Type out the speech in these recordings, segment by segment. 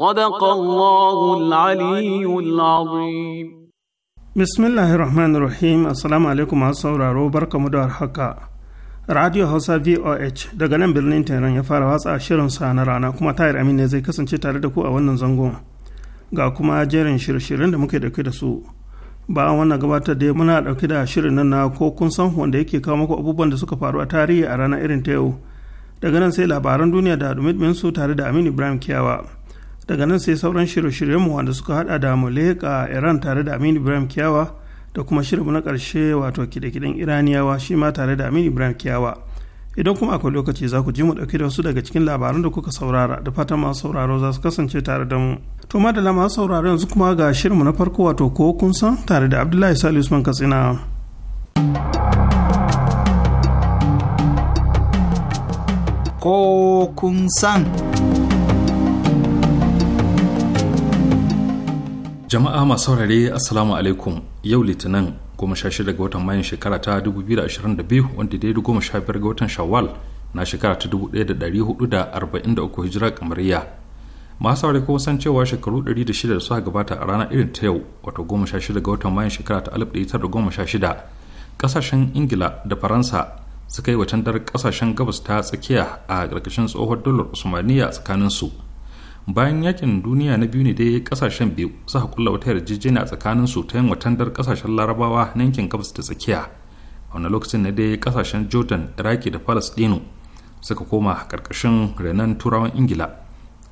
صدق الله العلي العظيم bismillahir rahmanir rahim assalamu alaikum masu sauraro بركم da haka radio hausa voh daga nan birnin tehran ya fara watsa shirin sa na rana kuma Tahir amin ne zai kasance tare da ku a wannan zangon ga kuma jerin shirye-shiryen da muke dauke da su ba wannan gabatar da muna dauke da shirin nan na ko kun san wanda yake kawo muku abubuwan da suka faru a tarihi a ranar irin ta yau daga nan sai labaran duniya da dumin su tare da amin ibrahim kiyawa daga nan sai sauran shirye-shiryenmu wanda suka hada da muleka iran tare da amin ibrahim kiyawa da kuma shirinmu na ƙarshe wato kide-kiden iraniyawa shi ma tare da amin ibrahim kiyawa idan kuma akwai lokaci za ku ji mu ɗauki da wasu daga cikin labaran da kuka saurara da fatan masu sauraro za su kasance tare da mu to da masu sauraro yanzu kuma ga shirinmu na farko wato ko kun san tare da abdullahi sali usman katsina ko kun san jama'a masu saurare assalamu alaikum yau litinin goma sha shida ga watan mayun shekara ta 2022 wanda dai goma sha biyar ga watan shawwal na shekara ta 1443 hijira kamariya masu saurare kuma san cewa shekaru 106 da suka gabata a ranar irin ta yau wato goma sha shida ga watan mayun shekara ta 1916 kasashen ingila da faransa suka yi wacan dar kasashen gabas ta tsakiya a ƙarƙashin tsohon dalar usmaniya tsakaninsu su bayan yakin duniya na biyu ne dai kasashen biyu suka kulla wata yarjejeniya tsakanin su ta yin watandar kasashen larabawa na yankin gabas da tsakiya a wani lokacin na dai kasashen jordan iraki da palestino suka koma karkashin renan turawan ingila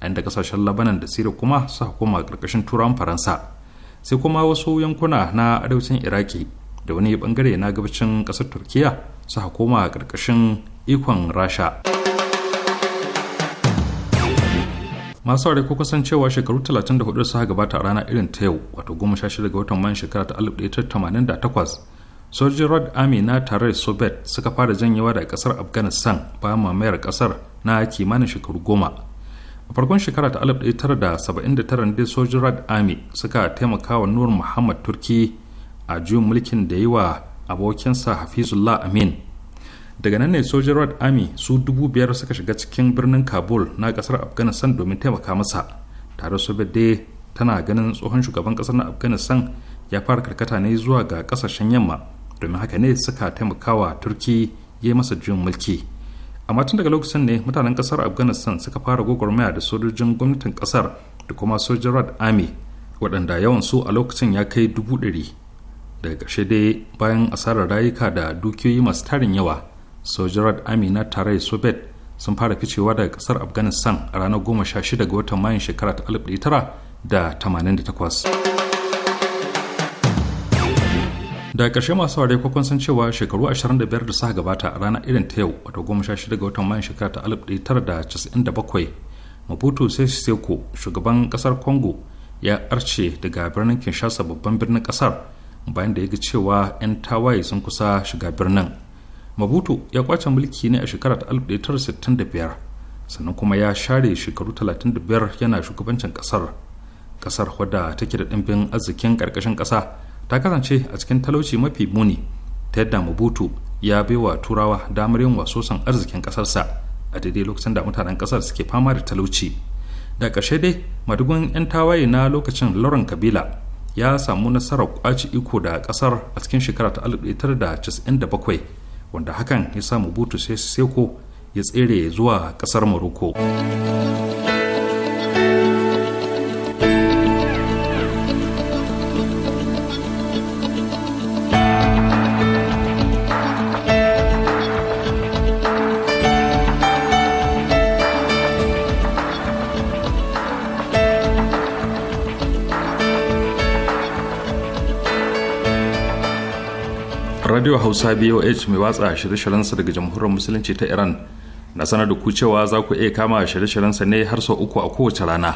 a inda kasashen labanan da siriya kuma suka koma karkashin turawan faransa sai kuma wasu yankuna na arewacin iraki da wani bangare na gabacin kasar turkiya suka koma karkashin ikon rasha masu saurari ko kusan cewa shekaru 34 su gabata a rana irin ta yau wato 16 ga watan mayan shekara ta 1988 sojin red army na tare soviet suka fara janyewa daga kasar afghanistan bayan mamayar kasar na kimanin shekaru goma a farkon shekara ta 1979 ne sojin red army suka taimaka wa nur muhammad turki a juyin mulkin da yi wa abokinsa hafizullah amin daga nan ne sojin red army su dubu biyar suka shiga cikin birnin kabul na kasar afghanistan domin taimaka masa tare soviet dai tana ganin tsohon shugaban kasar na afghanistan ya fara karkata ne zuwa ga kasashen yamma domin haka ne suka taimakawa turki ya masa juyin mulki amma tun daga lokacin ne mutanen kasar afghanistan suka fara gwagwarmaya da sojojin gwamnatin kasar da kuma sojin red army waɗanda yawan su a lokacin ya kai dubu ɗari daga ƙarshe dai bayan asarar rayuka da dukiyoyi masu tarin yawa sojirar amina tare soviet sun fara ficewa daga kasar afghanistan a ranar 16 ga watan mayun shekara ta 1988 da ƙarshe masu ware kwakwan san cewa shekaru 25 da suka gabata a ranar irin ta yau wato 16 ga watan mayun shekara ta 1997 maputo seko shugaban kasar congo ya arce daga birnin kinshasa babban birnin kasar bayan da ya ga cewa 'yan tawaye sun kusa shiga birnin mabutu ya kwace mulki ne a shekarar 1965 sannan kuma ya share shekaru 35 yana shugabancin kasar kasar wadda take da ɗimbin arzikin ƙarƙashin ƙasa ta kasance a cikin talauci mafi muni ta yadda mabutu ya baiwa turawa damar yin wasosan arzikin ƙasarsa a daidai lokacin da mutanen ƙasar suke fama da talauci da ƙarshe dai madugun 'yan tawaye na lokacin lauren kabila ya samu nasarar kwaci iko da ƙasar a cikin shekara 1997 wanda hakan ya samu butu sai seko ya tsere zuwa ƙasar morocco radio hausa boh mai watsa shirye sa daga jamhuriyar musulunci ta iran na sanar da ku cewa za ku iya kama shirye sa ne har sau uku a kowace rana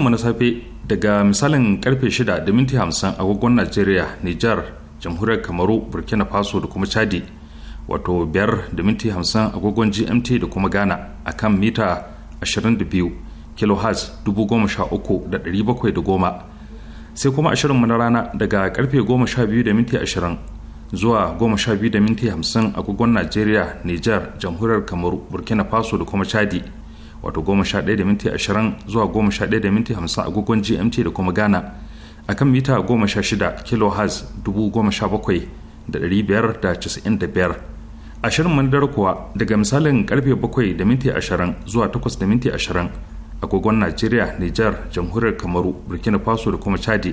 mu na safe daga misalin karfe shida da minti 50 agogon najeriya niger jamhuriyar kamaru burkina faso da kuma chadi wato 5 da minti 50 agogon gmt da kuma ghana a kan mita 22 kilohertz 13710 sai kuma mu na rana daga karfe goma sha biyu da minti ashirin. zuwa goma sha biyu da minti agogon najeriya nijar jamhuriyar kamaru burkina faso da kuma chadi wato goma sha ɗaya da minti zuwa goma sha ɗaya agogon gmt da kuma ghana a kan mita goma sha shida kilohertz dubu goma sha bakwai da biyar da da biyar ashirin manadar kuwa daga misalin karfe bakwai da minti ashirin zuwa takwas da minti ashirin agogon najeriya nijar jamhuriyar kamaru burkina faso da kuma chadi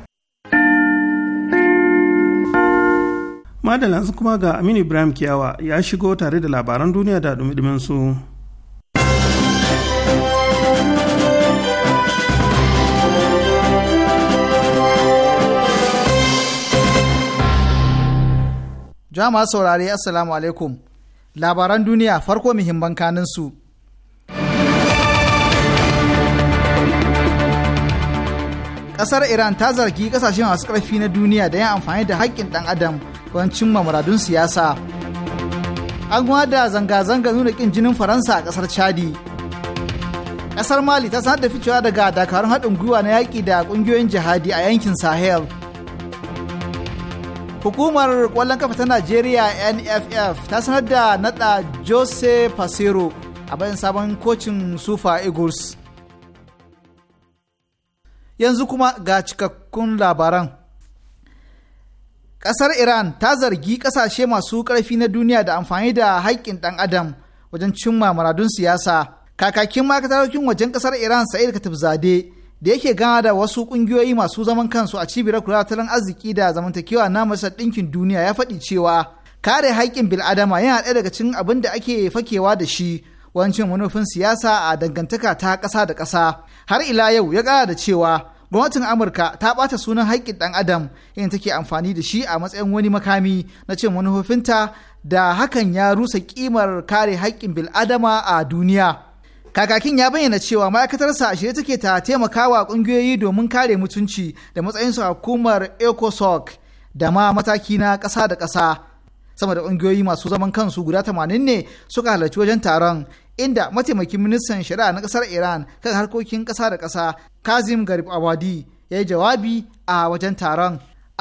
madalla kuma ga aminu ibrahim kiyawa ya shigo tare da labaran duniya da dumi su. jama'a saurare assalamu alaikum labaran duniya farko muhimman kanin su iran ta zargi ƙasashen masu karfi na duniya da yin amfani da haƙƙin ɗan adam don cimma muradun siyasa an da zanga-zanga nuna ƙin jinin faransa a ƙasar chadi Ƙasar mali ta sanar da ficewa daga dakarun haɗin gwiwa na yaƙi da ƙungiyoyin jihadi a yankin sahel hukumar ƙwallon kafa ta najeriya nff ta sanar da naɗa jose pasero a bayan sabon kocin sufa eagles yanzu kuma ga cikakkun labaran Ƙasar Iran ta zargi ƙasashe masu ƙarfi na duniya da amfani da haƙƙin ɗan adam wajen cimma muradun siyasa. Kakakin makatarokin wajen ƙasar Iran Sa'id Katibzade da yake gana da wasu ƙungiyoyi masu zaman kansu a cibiyar kula tattalin arziki da zamantakewa na Majalisar Ɗinkin Duniya ya faɗi cewa kare haƙƙin bil'adama yana ɗaya daga cikin abin da ake fakewa da shi wancin manufin siyasa a dangantaka ta ƙasa da ƙasa. Har ila yau ya ƙara da cewa gwamnatin amurka ta bata sunan haƙƙin ɗan adam in take amfani da shi a matsayin wani makami na cin manufofinta da hakan ya rusa ƙimar kare haƙƙin bil'adama a duniya kakakin ya bayyana cewa ma'aikatarsa a shirye take ta taimakawa ƙungiyoyi domin kare mutunci da matsayinsu a hukumar ecosoc da ma mataki na ƙasa da ƙasa sama da ƙungiyoyi masu zaman kansu guda 80 ne suka halarci wajen taron inda mataimakin ministan shari'a na kasar iran kan harkokin kasa da kasa kazim garib awadi ya yi jawabi a wajen taron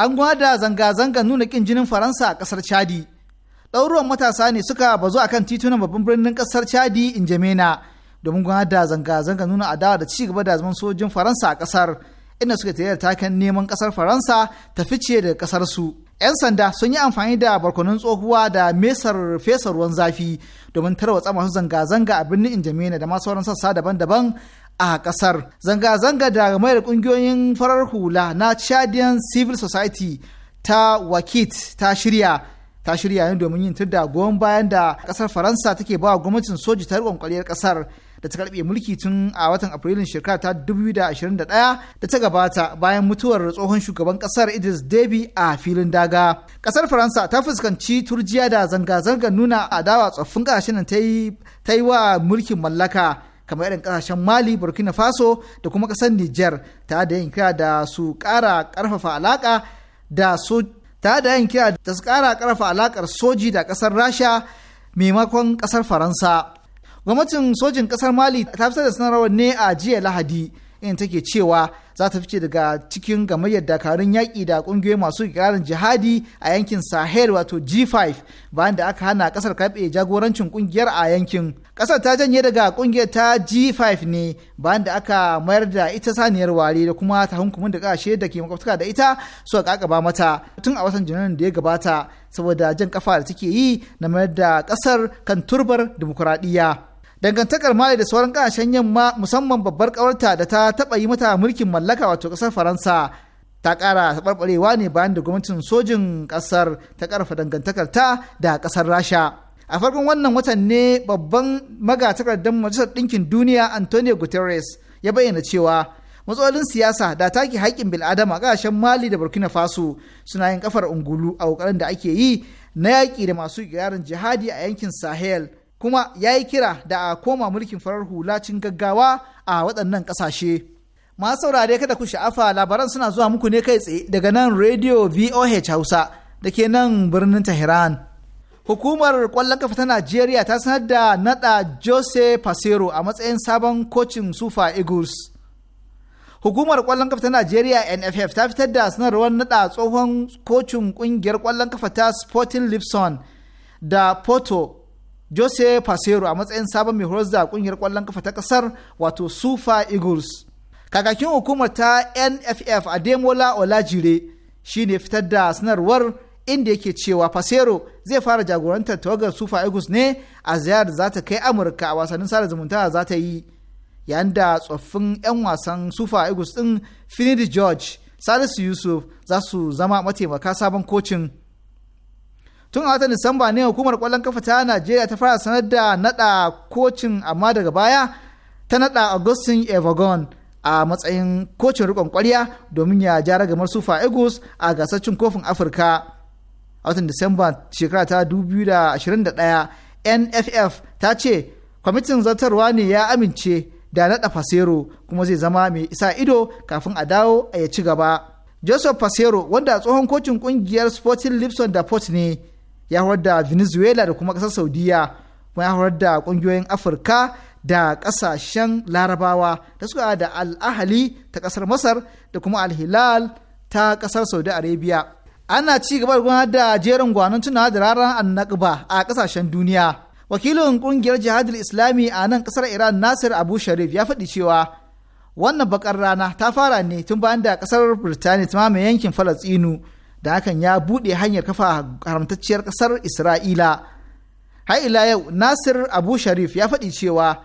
an gwada zanga-zangar nuna kin jinin faransa a kasar chadi ɗauruwan matasa ne suka bazu a kan titunan babban birnin kasar chadi in jamena domin gwada zanga-zangar nuna adawa da ci gaba da zaman sojin faransa a kasar inda suka tayar taken neman kasar faransa ta fice daga kasar su 'yan sanda sun yi amfani da barkonun tsohuwa da mesar fesa ruwan zafi domin tarwatsa masu zanga-zanga a birnin injamena da masu sauran sassa daban-daban a kasar zanga-zanga da mayar kungiyoyin farar hula na chadian civil society ta wakit ta shirya ta shirya ne domin yin da goyon bayan da kasar faransa take ba gwamnatin soji ta riƙon kwaliyar kasar da ta karbe mulki tun a watan Afrilun shekara ta 2021 da ta gabata bayan mutuwar tsohon shugaban kasar Idris Deby a filin daga. Kasar Faransa ta fuskanci turjiya da zanga-zangar nuna adawa tsoffin kasashen nan ta yi wa mulkin mallaka kamar irin kasashen Mali, Burkina Faso da kuma kasar Niger ta da yin kira da su kara karfafa alaka da ta da yin kira da su kara karfafa alakar soji da kasar Rasha maimakon kasar Faransa. gwamnatin sojin kasar mali ta fitar da sanarwar ne a jiya lahadi in take cewa za ta fice daga cikin gamayyar dakarun yaƙi da ƙungiyoyi masu ƙirarin jihadi a yankin sahel wato g5 bayan da aka hana kasar karɓe jagorancin ƙungiyar a yankin ƙasar ta janye daga ƙungiyar ta g5 ne bayan da aka mayar da ita saniyar ware da kuma ta da ƙasashe da ke makwabtaka da ita su a ƙaƙaba mata tun a watan janairun da ya gabata saboda jan kafa da take yi na mayar da ƙasar kan turbar dimokuraɗiyya. dangantakar mali da sauran kasashen yamma musamman babbar kawarta da ta taba yi mata mulkin mallaka wato kasar faransa ta ƙara tabarbarewa ne bayan da gwamnatin sojin kasar ta karfa dangantakar ta da kasar rasha a farkon wannan watan ne babban magatakardar majalisar ɗinkin duniya antonio guterres ya bayyana cewa matsalolin siyasa da take haƙƙin bil'adama ƙasashen mali da burkina faso suna yin kafar ungulu a ƙoƙarin da ake yi na yaƙi da masu ƙirarin jihadi a yankin sahel kuma ya yi kira da a koma mulkin farar hula cin gaggawa a waɗannan ƙasashe. Masu saurare kada ku sha'afa labaran suna zuwa muku ne kai tsaye daga nan Radio VOH Hausa da ke nan birnin Tehran. Hukumar ƙwallon kafa ta Najeriya ta sanar da naɗa Jose Pasero a matsayin sabon kocin Sufa Eagles. Hukumar ƙwallon kafa ta Najeriya NFF ta fitar da sanarwar naɗa tsohon kocin ƙungiyar ƙwallon kafa ta Sporting Lipson da Porto jose Pasero a matsayin sabon mai horar da kungiyar kwallon kafa ta kasar wato Sufa Eagles. Kakakin hukumar ta NFF Ademola Olajire shine fitar da sanarwar inda yake cewa Pasero zai fara jagorantar tawagar Sufa Eagles ne a ziyarar da za ta kai Amurka a wasannin sada zumunta za ta yi. Yayin da tsoffin 'yan wasan Sufa Eagles ɗin Finidi George, Salisu Yusuf za su zama mataimaka sabon kocin. tun a watan disamba ne hukumar kwallon kafa ta najeriya ta fara sanar da nada kocin amma daga baya ta nada augustin evagon a matsayin kocin rikon kwarya domin ya ja ragamar sufa eagles a gasar cin kofin afirka a watan disamba shekara ta 2021 nff ta ce kwamitin zartarwa ne ya amince da naɗa fasero kuma zai zama mai isa ido kafin a dawo a ya ci gaba joseph fasero wanda tsohon kocin kungiyar sporting lipson da port ne ya horar da venezuela da kuma ƙasar saudiya kuma ya horar da ƙungiyoyin afirka da ƙasashen larabawa da suka da al'ahali ta ƙasar masar da kuma alhilal ta ƙasar saudi arabia ana ci gaba da gudanar da jerin gwanon tunawa da ranar annakba a ƙasashen duniya wakilin ƙungiyar jihadul islami a nan ƙasar iran nasir abu sharif ya faɗi cewa wannan bakar rana ta fara ne tun bayan da ƙasar birtaniya ta mamaye yankin falastinu da hakan ya buɗe hanyar kafa haramtacciyar ƙasar isra'ila har ila yau nasir abu sharif ya faɗi cewa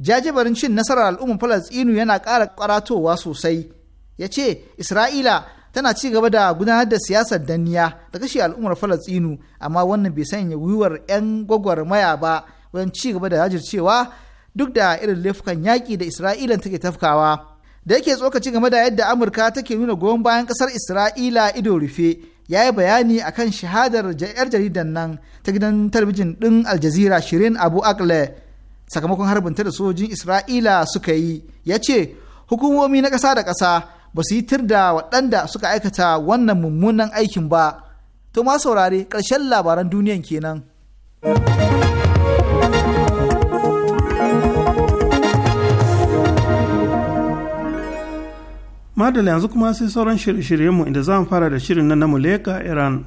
jajibarin cin nasarar al'ummar falastinu yana ƙara ƙwaratowa sosai ya ce isra'ila tana ci gaba da gudanar da siyasar danniya da kashe al'ummar falastinu amma wannan bai sanya gwiwar 'yan gwagwarmaya ba wajen ci gaba da jajircewa duk da irin laifukan yaƙi da isra'ilan take tafkawa da yake tsokaci game da yadda amurka take nuna goyon bayan kasar isra'ila ido rufe ya yi bayani akan shahadar yar jaridan nan ta gidan talabijin ɗin aljazira shirin abu akle sakamakon harbin ta da sojin isra'ila suka yi ya ce hukumomi na ƙasa da ƙasa ba su yi tir da waɗanda suka aikata wannan mummunan aikin ba to ma saurare ƙarshen labaran duniyan kenan. madala yanzu kuma sai sauran shirye mu inda za mu fara da shirin na muleka iran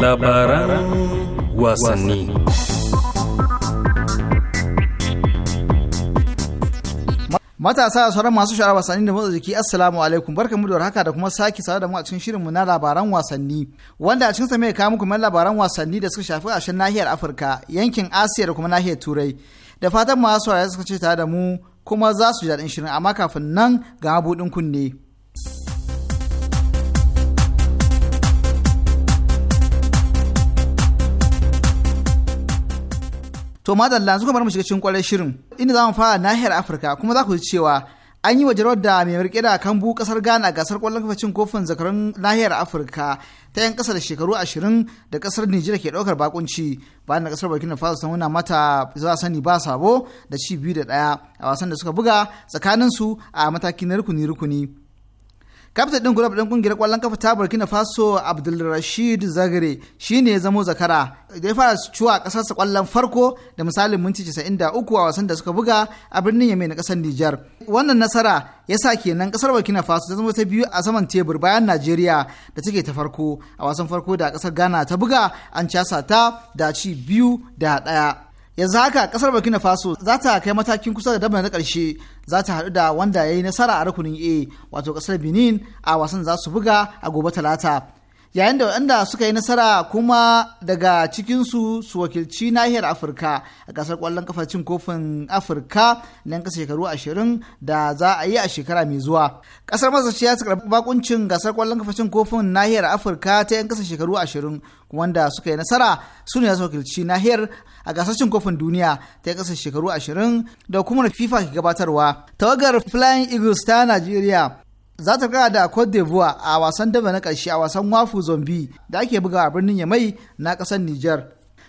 labaran wasanni Matasa sauran masu shara wasanni da motsa jiki assalamu alaikum barka mu da haka da kuma sake sa da mu a cikin shirin mu na labaran wasanni wanda a cikin sa mai kawo muku man labaran wasanni da suka shafi ashen nahiyar Afirka yankin Asiya da kuma nahiyar Turai da fatan masu saurare suka ce tare da mu kuma za su ji daɗin shirin amma kafin nan ga abudin kunne. To madalla suka bar mu shiga cikin kwarar shirin inda za mu fara nahiyar Afirka kuma za ku ji cewa an yi wa jarar da mai rike da kambu kasar Ghana a gasar kwallon kafa cin kofin zakarun nahiyar Afirka ta yan kasa da shekaru ashirin da kasar Nijar ke ɗaukar bakunci bayan da kasar Burkina Faso ta nuna mata za sani ba sabo da ci biyu da ɗaya a wasan da suka buga tsakanin su a matakin na rukuni rukuni. kaftan din gulab din kungiyar kwallon kafa ta Burkina Faso Abdulrashid Zagre shine ya zamo zakara da ya fara cuwa kasarsa kwallon farko da misalin minti 93 a wasan da suka buga a birnin Yamai na kasar Nijar. Wannan nasara ya sa kenan kasar Burkina Faso ta zama ta biyu a saman tebur bayan Najeriya da take ta farko a wasan farko da kasar Ghana ta buga an casa ta da ci biyu da daya. yanzu haka kasar burkina faso za ta kai matakin kusa da dabba na karshe za ta haɗu da wanda ya yi nasara a rukunin a wato kasar benin a wasan za su buga a gobe talata yayin da waɗanda suka yi nasara kuma daga cikinsu su wakilci nahiyar afirka a gasar ƙwallon kafa cin kofin afirka na ƙasa shekaru ashirin da za a yi a shekara mai zuwa ƙasar masar ya ta karɓi bakuncin gasar ƙwallon kafa cin kofin nahiyar afirka ta yan ƙasa shekaru ashirin wanda suka yi nasara su ne su wakilci nahiyar a gasar cin kofin duniya ta yan ƙasa shekaru ashirin da kuma fifa ke gabatarwa tawagar flying eagles ta najeriya za ta da Cote d'Ivoire a wasan daba na ƙarshe a wasan wafu zombi da ake buga a birnin Yamai na ƙasar Nijar.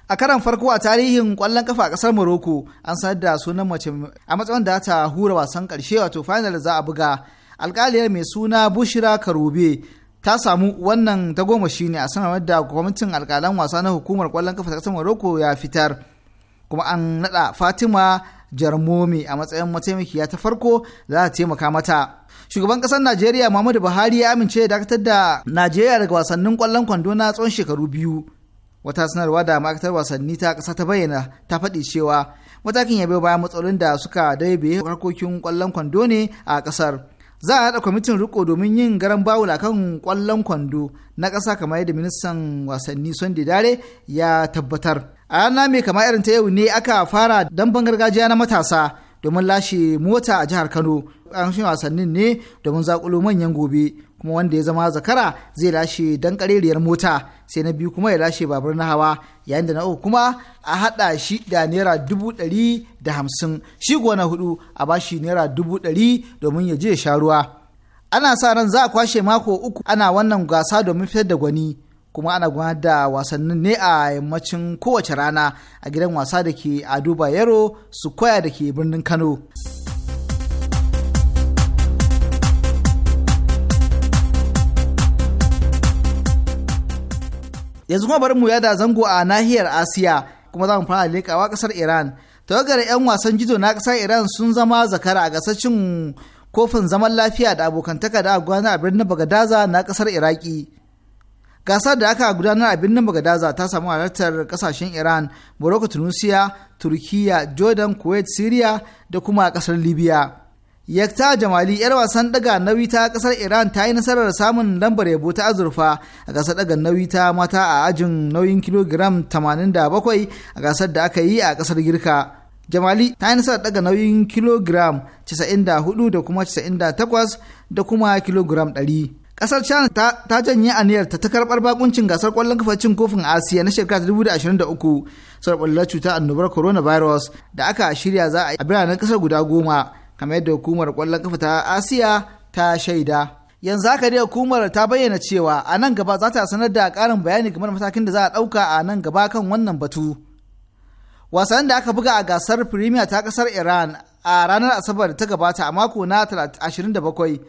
A karan farko a tarihin ƙwallon kafa a ƙasar Morocco an sanar da sunan mace a matsayin da ta hura wasan ƙarshe wato final za a buga. Alƙaliyar mai suna Bushira Karube ta samu wannan shi ne a sanar da kwamitin alƙalan wasa na hukumar kwallon kafa ta ƙasar Morocco ya fitar. Kuma an naɗa Fatima Jarmomi a matsayin mataimakiya ta farko za ta taimaka mata. shugaban kasar najeriya muhammadu buhari ya amince ya dakatar da najeriya daga wasannin kwallon kwando na tsawon shekaru biyu wata sanarwa da ma'aikatar wasanni ta kasa ta bayyana ta faɗi cewa matakin ya bayan matsalolin da suka daibe harkokin kwallon kwando ne a kasar za a haɗa kwamitin riko domin yin garan bawul akan kwallon kwando na ƙasa kamar yadda ministan wasanni sunday dare ya tabbatar a rana mai kama irin ta yau ne aka fara damben gargajiya na matasa domin lashe mota a jihar kano ƙarfin wasannin ne domin zakulo manyan gobe kuma wanda ya zama zakara zai lashe dan kareriyar mota sai na biyu kuma ya lashe babur na hawa yayin da na uku kuma a haɗa shi da naira dubu ɗari da hamsin shi kuwa na hudu a bashi naira dubu ɗari domin ya je ya sha ruwa ana sa ran za a kwashe mako uku ana wannan gasa domin fitar da gwani kuma ana gudanar da wasannin ne a yammacin kowace rana a gidan wasa da ke ado bayero su koya da ke birnin kano. yanzu kuma bari mu yada zango a nahiyar asiya kuma za mu fara leƙawa kasar iran tawagar 'yan wasan gizo na ƙasar iran sun zama zakara a gasar kofin zaman lafiya da abokantaka da gudana a birnin bagadaza na ƙasar iraki gasar da aka gudanar a birnin bagadaza ta samu halartar kasashen iran morocco tunisia turkiya jordan kuwait syria da kuma ƙasar libya Yakta Jamali yar wasan daga nauyi ta kasar Iran ta yi nasarar samun lambar yabo ta azurfa a gasar daga nauyi ta mata a ajin nauyin kilogiram 87 a gasar da aka yi a kasar Girka. Jamali ta yi nasarar daga nauyin kilogiram 94 da kuma 98 da kuma kilogiram 100. Kasar China ta, janye aniyarta ta karbar bakuncin gasar kwallon kafa cin kofin Asiya na shekara 2023 saboda cutar annobar coronavirus da aka shirya za a biranen kasar guda goma. kamar yadda hukumar kwallon kafa ta asiya ta shaida yanzu haka dai hukumar ta bayyana cewa a nan gaba za ta sanar da karin bayani game da matakin da za a ɗauka a nan gaba kan wannan batu wasan da aka buga a gasar premier ta ƙasar iran a ranar asabar ta gabata a mako na 27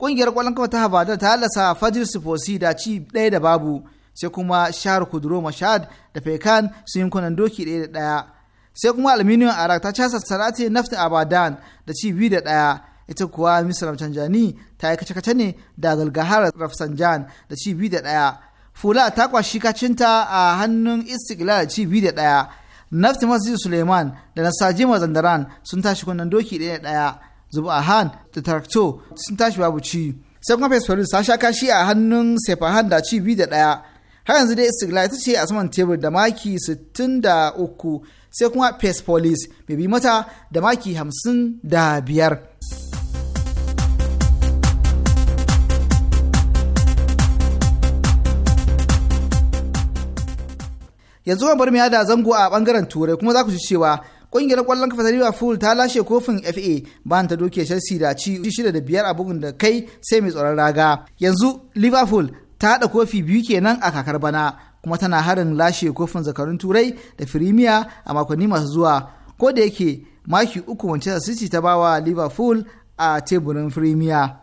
ƙungiyar kwallon kafa ta habadar ta halasa fajir sifosi da ci ɗaya da babu sai kuma shahar kuduro mashad da fekan sun yi kunan doki ɗaya da ɗaya sai kuma aluminium arak ta casa sarati nafta abadan da ci biyu da ɗaya ita kuwa misir canjani ta yi kace-kace ne da galgahar rafsanjan da ci biyu da ɗaya fula ta kwashi kacinta a hannun istiklal da ci biyu da ɗaya nafti masjid suleiman da nasaji mazandaran sun tashi kunan doki ɗaya ɗaya han da tarakto sun tashi babu ci sai kuma fesfaris ta sha kashi a hannun sefahan da ci biyu da ɗaya har yanzu dai istiklal ita ce a saman tebur da maki sittin da uku sai kuma pace police mai bi mata da maki hamsin da biyar. yanzu ba bar da zango a bangaren turai kuma za ku ji cewa ƙungiyar kwallon kafa ta liverpool ta lashe kofin fa bayan ta doke chelsea da ci shida da biyar a bugun da kai sai mai tsoron raga yanzu liverpool ta haɗa kofi biyu kenan a kakar bana kuma tana harin lashe kofin zakarun turai da firimiya a makonni masu zuwa ko da yake maki uku manchester city ta bawa liverpool a teburin firimiya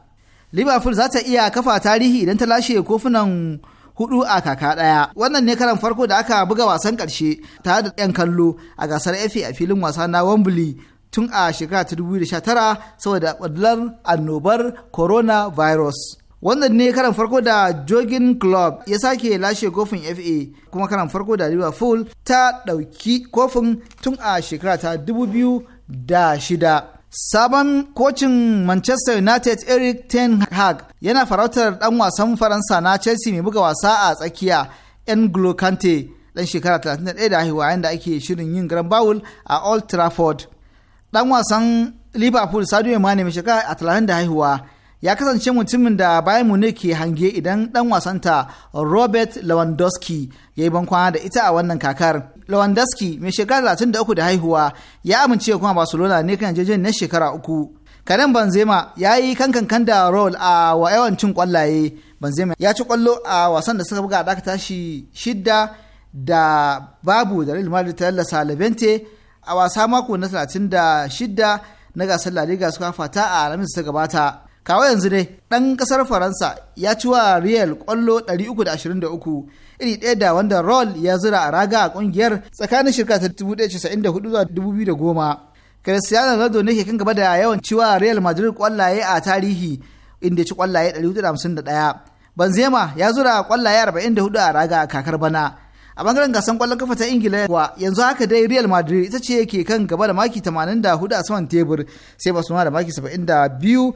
liverpool za ta iya kafa tarihi idan ta lashe kofunan hudu a kaka daya wannan ne karan farko da aka buga wasan karshe tare da yan kallo a gasar fa a filin wasa na wembley tun a shekara 2019 saboda ɓallar annobar coronavirus. wannan ne karan farko da jogin club ya sake lashe kofin fa kuma karan farko da liverpool ta ɗauki kofin tun a shekara ta 2006 sabon kocin manchester united eric ten hag yana farautar dan wasan faransa na chelsea mai buga wasa a tsakiya yan kante dan shekara 31 da haihuwa yadda ake shirin yin grand bawul a old trafford dan wasan liverpool sadio mane mai shekara 30 da haihuwa ya kasance mutumin da mu ne ke hange idan dan wasanta Robert Lewandowski ya yi bankwana da ita a wannan kakar. Lewandowski mai shekara 33 da haihuwa ya amince kuma Barcelona ne kan jejen na shekara uku. Karen Banzema ya yi kankan da rol a wa yawan cin kwallaye. Banzema ya ci kwallo a wasan da suka buga dakata shi shidda da babu da Real Madrid ta lallasa Levante a wasa mako na 36 na gasar La Liga suka fata a Alhamis ta gabata. kawo yanzu ne ɗan ƙasar faransa ya ci wa real ƙwallo 323 iri ɗaya da wanda roll ya zura a raga a ƙungiyar tsakanin shirka ta 1994 zuwa 2010 cristiano ronaldo ne ke kan gaba da yawan wa real madrid ƙwallaye a tarihi inda ci ƙwallaye 451 benzema ya zura ƙwallaye 44 a raga a kakar bana a bangaren gasan kwallon kafa ta ingila wa yanzu haka dai real madrid ita ce ke kan gaba da maki 84 a saman tebur sai barcelona da maki 72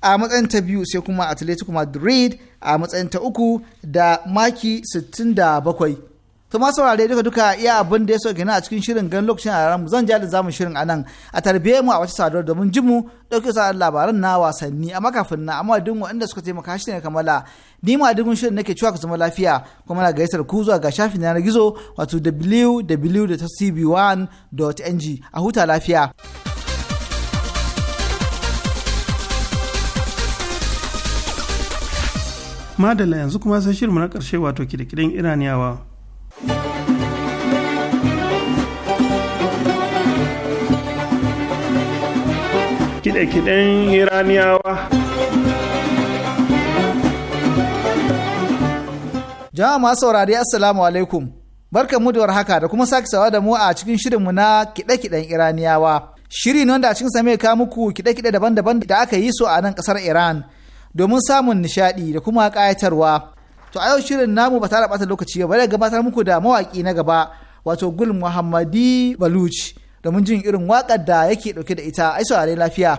a matsayin ta biyu sai kuma atletico madrid a matsayin ta uku da maki 67 Tuma saurare duka duka iya abin da ya so gina a cikin shirin gan lokacin a ranar zan ja da zamu shirin a a tarbiyyar mu a wata saduwar domin jimu ɗauke sa labaran na wasanni a makafin na amma dingo inda suka taimaka shi ne kamala ni ma dingon shirin nake cewa ku zama lafiya kuma na gaisar ku zuwa ga shafin yanar gizo wato wwwcb 1ng a huta lafiya. madalla yanzu kuma sai shirmu na ƙarshe wato kidikidin iraniyawa kidikidin iraniyawa jama'a masu saurari assalamu alaikum barkan mu da warhaka da kuma sake sawa da mu a cikin shirinmu na kide-kiden iraniyawa shiri ne wanda a cikin same ka muku kide-kide daban-daban da aka yi su a nan kasar iran domin samun nishaɗi da kuma ƙayatarwa. To a yau shirin namu ba tare ɓata lokaci ba da gabatar muku da mawaƙi na gaba wato Gul Muhammadi Baluch domin jin irin waƙar da yake ɗauke da ita ai saurare lafiya.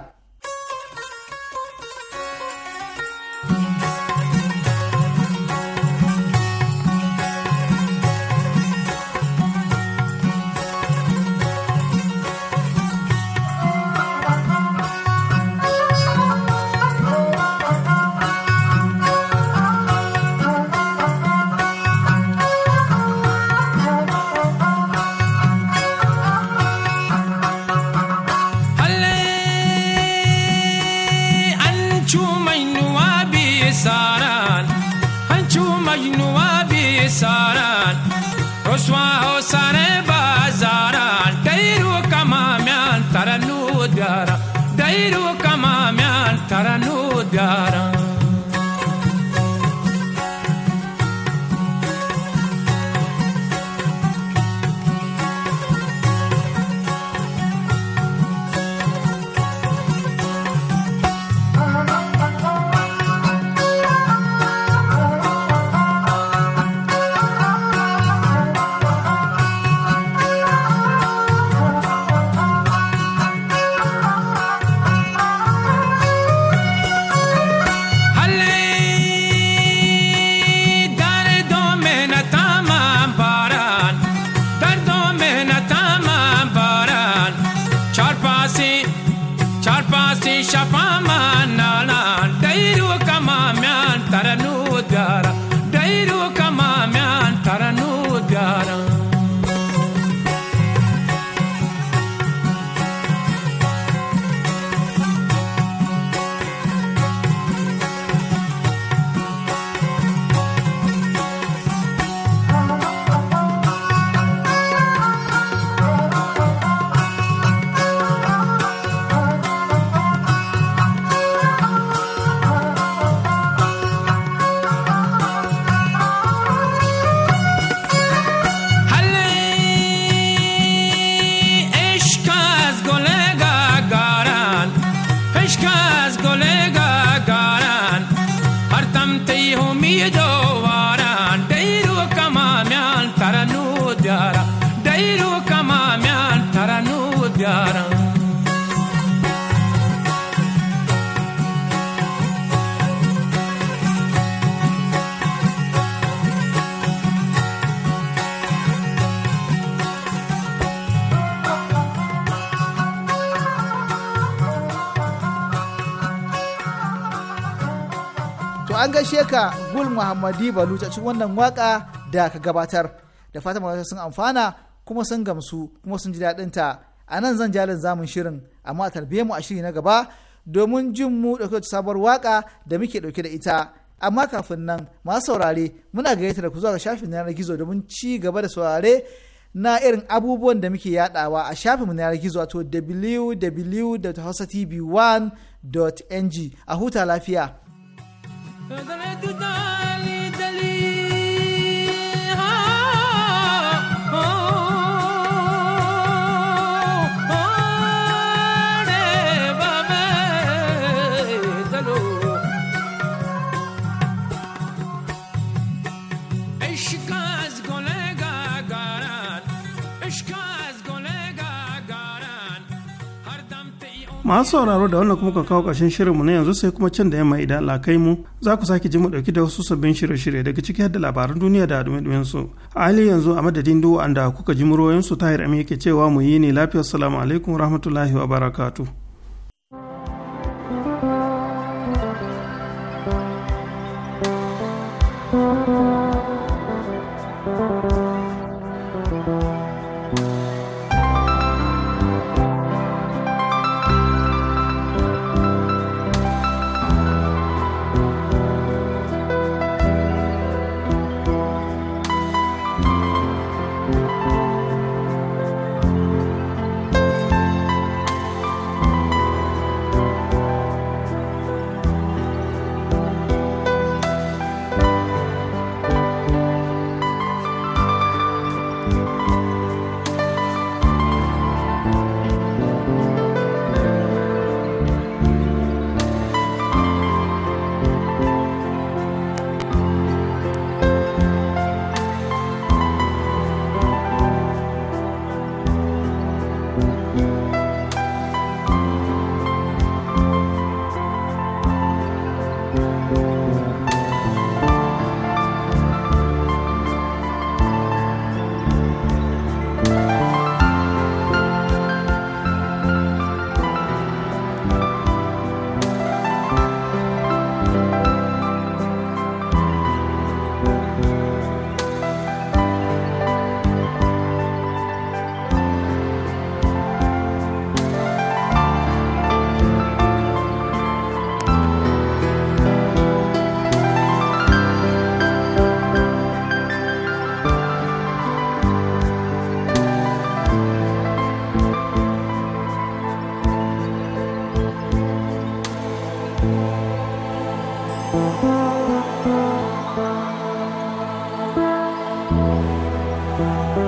gaishe ka Gul Muhammadi balu a cikin wannan waka da ka gabatar. Da fatan mawata sun amfana kuma sun gamsu kuma sun ji daɗin ta. A nan zan jalin zamun shirin amma a tarbiyyar mu a shiri na gaba domin jin mu ɗauke da sabuwar waka da muke ɗauke da ita. Amma kafin nan masu saurare muna gayyatar da ku zuwa ga shafin yanar gizo domin ci gaba da saurare na irin abubuwan da muke yadawa a shafinmu na yanar gizo wato www.hausatv1.ng a huta lafiya. Dale tu dale masu sauraro da wannan kuma ka kawo ƙarshen shirinmu na yanzu sai kuma can da yamma idan Allah kai mu za ku sake ji mu ɗauki da wasu sabbin shirye-shirye daga ciki da labaran duniya da dumi su a hali yanzu a madadin an da kuka ji muroyin su tahir yake cewa mu yi ne lafiyar salamu alaikum rahmatullahi wa barakatu.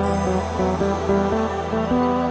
Thank you.